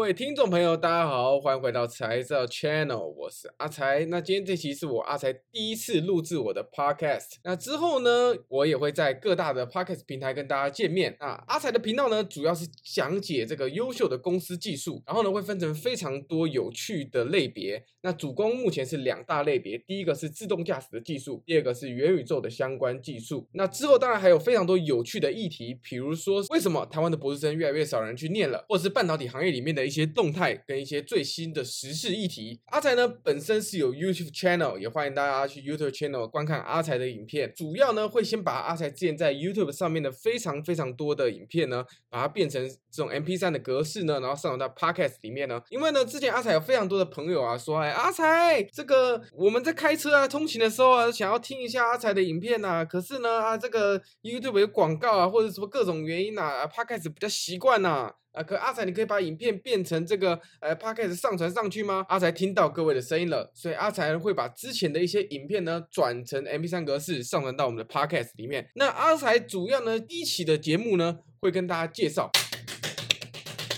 各位聽眾朋友，大家好，歡迎回到財智 Channel，我是阿財。那今天這期是我阿財第一次錄製我的 podcast，那之後呢，我也會在各大的 podcast 平台跟大家見面。啊，阿財的頻道呢，主要是講解這個優秀的公司技術，然後呢，會分成非常多有趣的類別。那主攻目前是兩大類別，第一個是自動駕駛的技術，第二個是元宇宙的相關技術。那之後當然還有非常多有趣的議題，比如說為什麼台灣的博士生越來越少人去念了，或者是半導體行業裡面的。一些動態跟一些最新的時事議題。阿財呢，本身是有 YouTube channel，也歡迎大家去 YouTube channel 觀看阿財的影片。主要呢會先把阿財之前在 YouTube 上面的非常非常多的影片呢，把它變成這種 MP 三的格式呢，然後上傳到 Podcast 裡面呢。因為呢之前阿財有非常多的朋友啊說、欸，哎阿財，這個我們在開車啊、通勤的時候啊，想要聽一下阿財的影片吶、啊，可是呢啊這個 YouTube 有廣告啊，或者什麼各種原因吶、啊，Podcast 比較習慣吶。啊，可阿財你可以把影片變成這個呃，Podcast 上傳上去嗎？阿財聽到各位的聲音了，所以阿財會把之前的一些影片呢，轉成 MP3 格式上傳到我們的 Podcast 裡面。那阿財主要呢，一期的節目呢，會跟大家介紹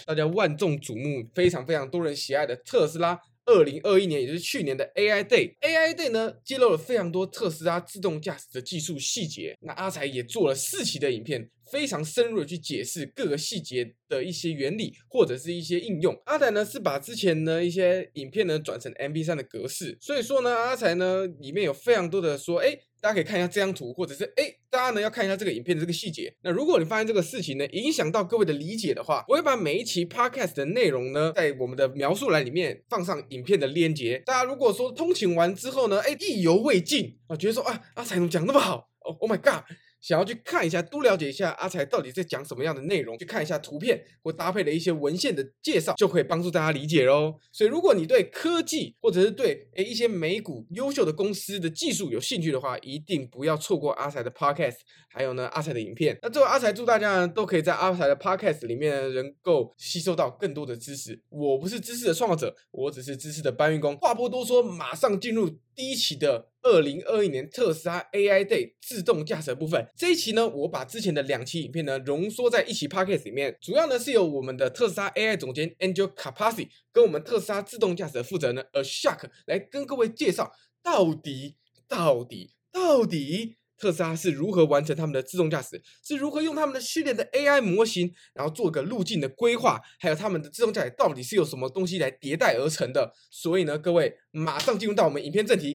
大家萬眾矚目、非常非常多人喜愛的特斯拉。二零二一年，也就是去年的 AI Day，AI Day 呢，揭露了非常多特斯拉自動駕駛的技術細節。那阿財也做了四期的影片，非常深入的去解釋各個細節的一些原理或者是一些應用。阿財呢，是把之前的一些影片呢，轉成 MP3 的格式，所以說呢，阿財呢，裡面有非常多的說，哎、欸，大家可以看一下這張圖，或者是哎、欸大家呢要看一下這個影片的這個細節。那如果你發現這個事情呢影響到各位的理解的話，我會把每一期 podcast 的內容呢在我們的描述欄裡面放上影片的鏈接。大家如果說通勤完之後呢，哎，意猶未盡啊，覺得說啊，啊，阿財總講那麼好哦 oh，Oh my god！想要去看一下，多了解一下阿財到底在講什麼樣的內容，去看一下圖片或搭配的一些文獻的介紹，就可以幫助大家理解嘍。所以，如果你對科技或者是對誒一些美股優秀的公司的技術有興趣的話，一定不要錯過阿財的 podcast，還有呢阿財的影片。那最後，阿財祝大家呢都可以在阿財的 podcast 裡面能夠吸收到更多的知識。我不是知識的創造者，我只是知識的搬運工。話不多說，馬上進入第一期的。二零二一年特斯拉 AI Day 自動駕駛部分。這一期呢，我把之前的兩期影片呢，濃縮在一起 podcast 裡面，主要呢是由我們的特斯拉 AI 總監 Angel Kapasi 跟我們特斯拉自動駕駛負責的呢 Ashok 來跟各位介紹，到底到底到底特斯拉是如何完成他們的自動駕駛，是如何用他們的訓練的 AI 模型，然後做個路徑的規劃，還有他們的自動駕駛到底是有什麼東西來迭代而成的。所以呢，各位馬上進入到我們影片正題。